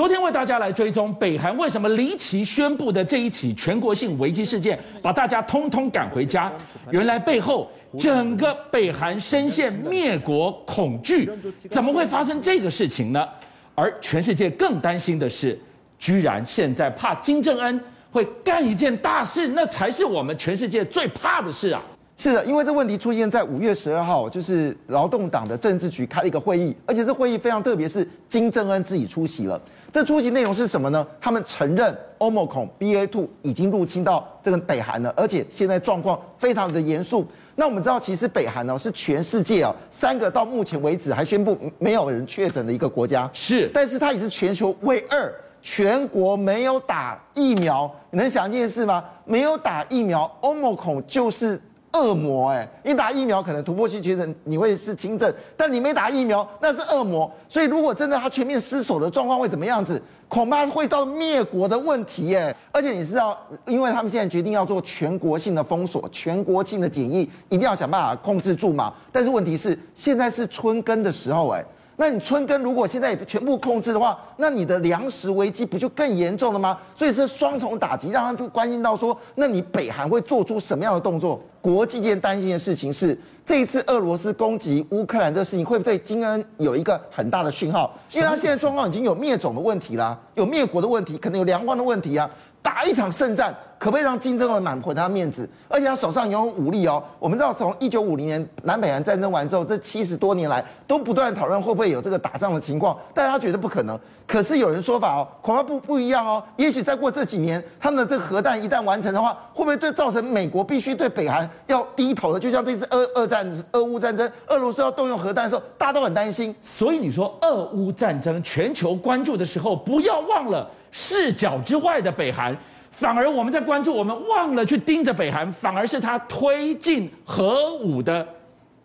昨天為大家來追蹤北韓為什麼離奇宣布的這一起全國性危機事件，把大家通通趕回家。原來背後整個北韓深陷滅國恐懼，怎麼會發生這個事情呢？而全世界更擔心的是，居然現在怕金正恩會幹一件大事，那才是我們全世界最怕的事啊！是的，因為這問題出現在五月十二號，就是勞動黨的政治局開了一個會議，而且這會議非常特別，是金正恩自己出席了。這出席內容是什麼呢？他們承認 Omicron BA.2 已經入侵到這個北韓了，而且現在狀況非常的嚴肅。那我們知道，其實北韓呢、哦、是全世界啊、哦，三個到目前為止還宣布沒有人確診的一個國家，是，但是它也是全球唯二全國沒有打疫苗，你能想一件事嗎？沒有打疫苗 Omicron 就是。惡魔哎、欸，你打疫苗可能突破性確診，你會是輕症，但你沒打疫苗那是惡魔。所以如果真的他全面失守的狀況會怎麼樣子？恐怕會到滅國的問題耶、欸。而且你知道，因為他們現在決定要做全國性的封鎖、全國性的檢疫，一定要想辦法控制住嘛。但是問題是，現在是春耕的時候哎、欸。那你春耕如果現在全部控制的話，那你的糧食危機不就更嚴重了嗎？所以是雙重打擊，讓他就關心到說，那你北韓會做出什麼樣的動作？國際間擔心的事情是，這一次俄羅斯攻擊烏克蘭這個事情，會不會對金恩有一個很大的訊號？因為他現在狀況已經有滅種的問題啦、啊，有滅國的問題，可能有糧荒的問題啊，打一場勝戰。可不可以讓金正恩滿回他面子？而且他手上有武力哦。我們知道，從一九五零年南北韓戰爭完之後，這七十多年來都不斷討論會不會有這個打仗的情況，但他覺得不可能。可是有人說法哦，恐怕不不一樣哦。也許再過這幾年，他們的這個核彈一旦完成的話，會不會對造成美國必須對北韓要低頭了？就像這次俄俄戰、俄烏戰爭，俄羅斯要動用核彈的時候，大家都很擔心。所以你說，俄烏戰爭全球關注的時候，不要忘了視角之外的北韓。反而我們在關注，我們忘了去盯着北韓，反而是他推進核武的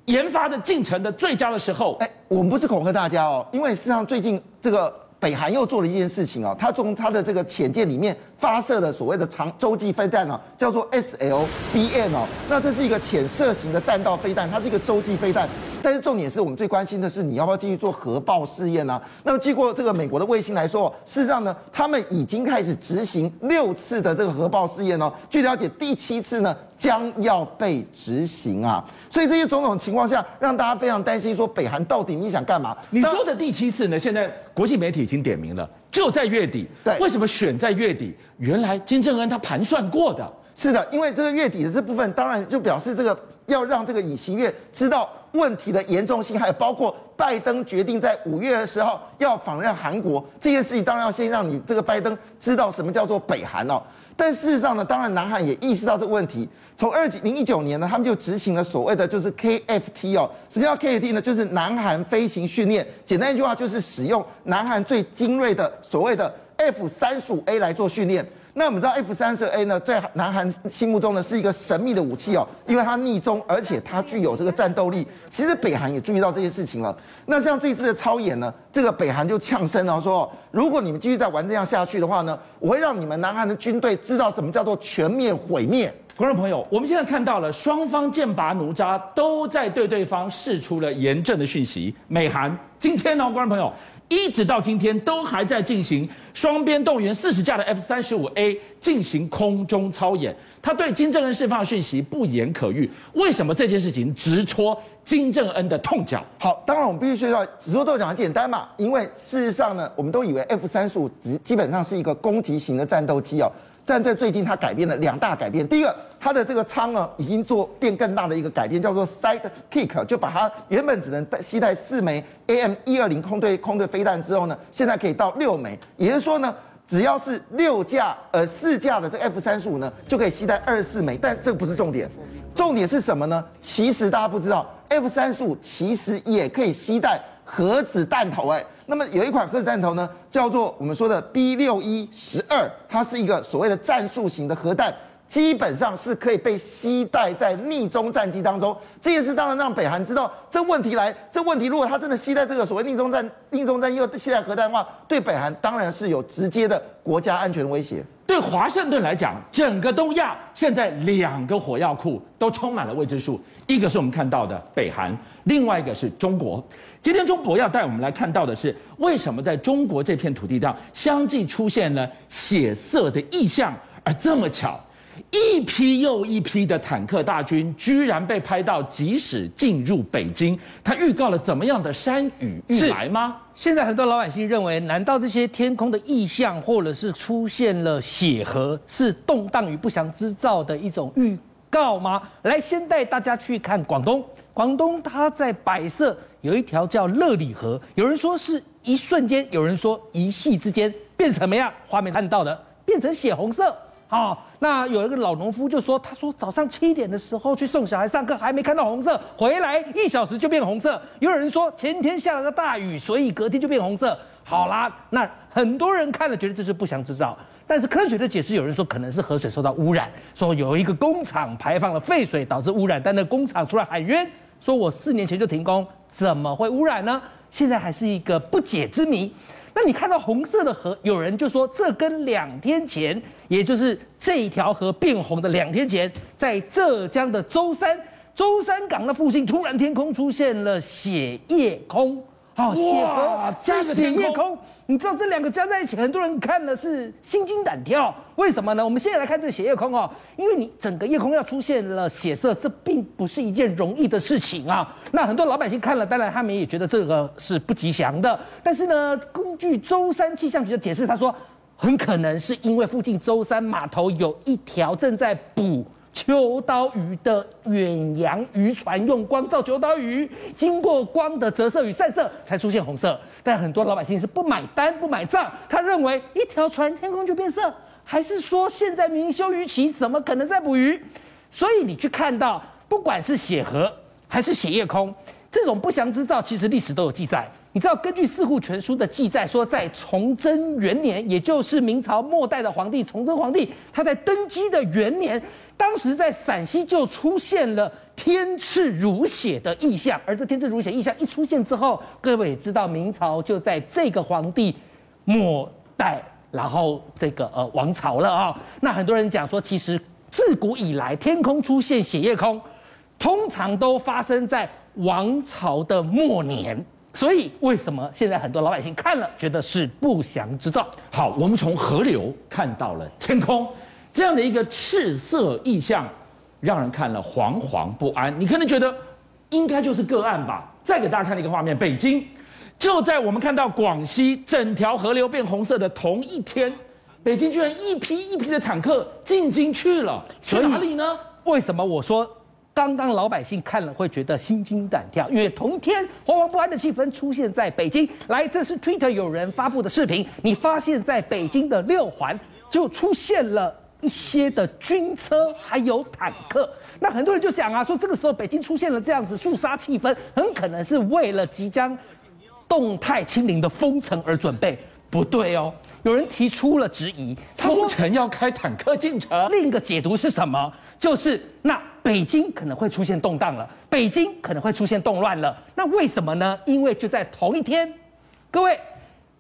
研发的進程的最佳的時候。哎，我們不是恐嚇大家哦，因為事實上最近這個北韓又做了一件事情哦，他從他的這個潛艦裡面发射的所謂的長洲際飛彈哦、啊，叫做 SLBM 哦，那這是一個潛射型的彈道飛彈，它是一個洲際飛彈。但是重點是我們最關心的是你要不要繼續做核爆試驗呢、啊？那麼經過這個美國的衛星來說，事實上呢，他們已經開始執行六次的這個核爆試驗哦。據了解，第七次呢將要被執行啊。所以這些種種情況下，讓大家非常擔心說，北韓到底你想幹嘛？你說的第七次呢？現在國際媒體已經點名了，就在月底。對，為什麼選在月底？原來金正恩他盤算過的是的，因為這個月底的這部分，當然就表示這個要讓這個尹錫悅知道，問題的嚴重性，還有包括拜登決定在五月二十號要訪問韓國這件事情，當然要先讓你這個拜登知道什麼叫做北韓哦。但事實上呢，當然南韓也意識到這個問題，從二零一九年呢，他們就執行了所謂的就是 KFT 哦，什麼叫 KFT 呢？就是南韓飛行訓練，簡單一句話就是使用南韓最精銳的所謂的 F 三十五 A 來做訓練。那我們知道 F 三十 A 呢，在南韓心目中，呢，是一個神秘的武器哦，因為它匿蹤，而且它具有這個戰鬥力。其實北韓也注意到這些事情了。那像這一次的操演呢，這個北韓就嗆聲哦，說，如果你們繼續再玩這樣下去的話呢，我會讓你們南韓的軍隊知道什麼叫做全面毀滅。觀眾朋友，我們現在看到了雙方劍拔弩張，都在對對方釋出了嚴正的訊息。美韓今天呢、哦，觀眾朋友，一直到今天都還在進行雙邊動員四十架的 F 三十五 A 進行空中操演，他對金正恩釋放的訊息不言可喻。為什麼這件事情直戳金正恩的痛腳？好，當然我們必須要說到直戳斗腳很簡單嘛，因為事實上呢，我們都以為 F 三十五只基本上是一個攻擊型的戰鬥機哦。但在最近，它改變了兩大改變。第一個，它的這個艙呢已經做變更大的一個改變，叫做 side kick，就把它原本只能攜帶四枚 AM 一二零空對空對飛彈之後呢，現在可以到六枚。也就是說呢，只要是六架呃四架的這 F 三十五呢，就可以攜帶二十四枚。但這個不是重點，重點是什麼呢？其實大家不知道，F 三十五其實也可以攜帶核子彈頭哎、欸。那麼有一款核子彈頭呢？叫做我們說的 B 六一十二，它是一個所謂的戰術型的核彈。基本上是可以被攜帶在匿蹤戰機當中。這件事當然讓北韓知道這問題來，這問題如果他真的攜帶這個所謂匿蹤戰匿蹤戰，又攜帶核彈的話，對北韓當然是有直接的國家安全威脅。對華盛頓來講，整個東亞現在兩個火藥庫都充滿了未知數，一個是我們看到的北韓，另外一個是中國。今天中博要帶我們來看到的是，為什麼在中國這片土地上相繼出現了血色的異象，而這麼巧？一批又一批的坦克大軍居然被拍到，即使進入北京，他預告了怎麼樣的山雨欲來嗎？現在很多老百姓認為，難道這些天空的異象，或者是出現了血河，是動盪與不祥之兆的一種預告嗎？來，先帶大家去看廣東。廣東它在百色有一條叫樂裡河，有人說是一瞬間，有人說一夕之間變什麼樣？畫面看到的變成血紅色。哦，那有一個老農夫就說，他說早上七點的時候去送小孩上課，還沒看到紅色，回來一小時就變紅色。又有，有人說前天下了個大雨，所以隔天就變紅色。好啦，那很多人看了覺得這是不祥之兆，但是科學的解釋，有人說可能是河水受到汙染，說有一個工廠排放了廢水導致汙染，但那工廠出來喊冤，說我四年前就停工，怎麼會汙染呢？現在還是一個不解之謎。那你看到紅色的河，有人就說，這跟兩天前，也就是這條河變紅的兩天前，在浙江的舟山、舟山港的附近，突然天空出現了血夜空。好、哦，哇，這個血夜空，你知道這兩個加在一起，很多人看的是心驚膽跳，為什麼呢？我們現在來看這個血夜空哦，因為你整個夜空要出現了血色，這並不是一件容易的事情啊。那很多老百姓看了，當然他們也覺得這個是不吉祥的。但是呢，根據舟山氣象局的解釋，他說，很可能是因為附近舟山碼頭有一條正在補。秋刀魚的遠洋漁船用光照秋刀魚，經過光的折射與散射才出現紅色。但很多老百姓是不買單、不買賬，他認為一條船天空就變色，還是說現在明明休漁期，怎麼可能再捕魚？所以你去看到，不管是血河還是血夜空，這種不祥之兆，其實歷史都有記載。你知道，根據《四庫全書》的記載，說在崇禎元年，也就是明朝末代的皇帝崇禎皇帝，他在登基的元年。當時在陝西就出現了天赤如血的異象，而這天赤如血異象一出現之後，各位也知道明朝就在這個皇帝末代，然後這個呃王朝了啊、哦。那很多人講說，其實自古以來天空出現血夜空，通常都發生在王朝的末年，所以為什麼現在很多老百姓看了覺得是不祥之兆？好，我們從河流看到了天空。這樣的一個赤色意象，讓人看了惶惶不安。你可能覺得，應該就是個案吧。再給大家看一個畫面：北京，就在我們看到廣西整條河流變紅色的同一天，北京居然一批一批的坦克進京去了。所以去哪裡呢？為什麼我說剛剛老百姓看了會覺得心驚膽跳？因為同一天，惶惶不安的氣氛出現在北京。來，這是 Twitter 有人發布的視頻，你發現在北京的六環就出現了。一些的軍車還有坦克，那很多人就講啊，說這個時候北京出現了這樣子肅殺氣氛，很可能是為了即將動態清零的封城而準備。不對哦，有人提出了質疑，他說，封城要開坦克進城。另一個解讀是什麼？就是那北京可能會出現動盪了，北京可能會出現動亂了。那為什麼呢？因為就在同一天，各位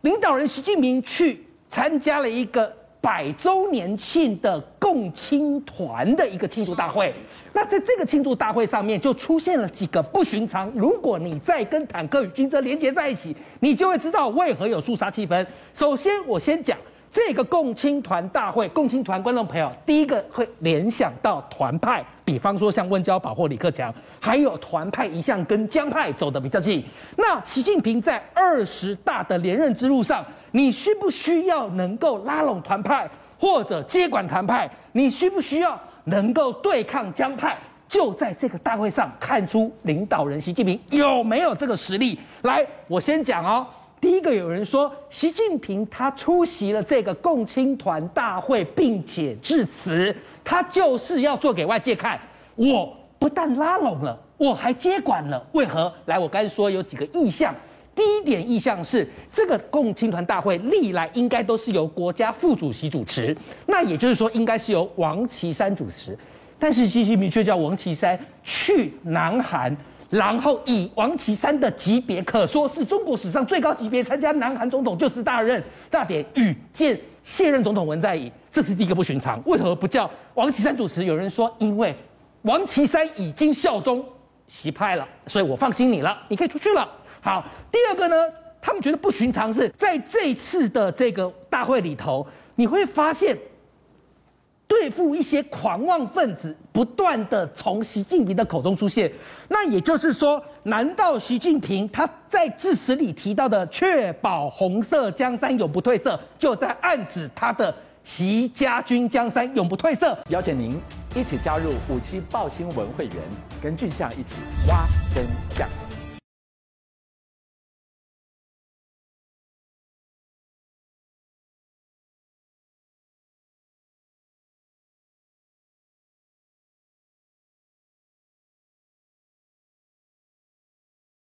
領導人習近平去參加了一個。百周年慶的共青團的一個慶祝大會，那在這個慶祝大會上面就出現了幾個不尋常。如果你再跟坦克與軍車連結在一起，你就會知道為何有肅殺氣氛。首先，我先講這個共青團大會，共青團觀眾朋友，第一個會聯想到團派，比方說像溫家寶或李克強，還有團派一向跟江派走得比較近。那習近平在二十大的連任之路上。你需不需要能夠拉攏團派或者接管團派？你需不需要能夠對抗江派？就在這個大會上看出領導人習近平有沒有這個實力？來，我先講哦。第一個有人說，習近平他出席了這個共青團大會並且致辭，他就是要做給外界看，我不但拉攏了，我還接管了。為何？來，我剛才說有幾個意向。第一點意向是，這個共青團大會歷來應該都是由國家副主席主持，那也就是說，應該是由王岐山主持。但是習近平卻叫王岐山去南韓，然後以王岐山的級別，可說是中國史上最高級別參加南韓總統就職大任大典，覲見卸任總統文在寅，這是第一個不尋常。為何不叫王岐山主持？有人說，因為王岐山已經效忠習派了，所以我放心你了，你可以出去了。好，第二個呢，他們覺得不尋常是在這次的這個大會裡頭，你會發現，對付一些狂妄分子不斷的從習近平的口中出現，那也就是說，難道習近平他在致辭裡提到的“確保紅色江山永不褪色”，就在暗指他的習家軍江山永不褪色？邀請您一起加入五七爆新聞會員，跟俊相一起挖真相。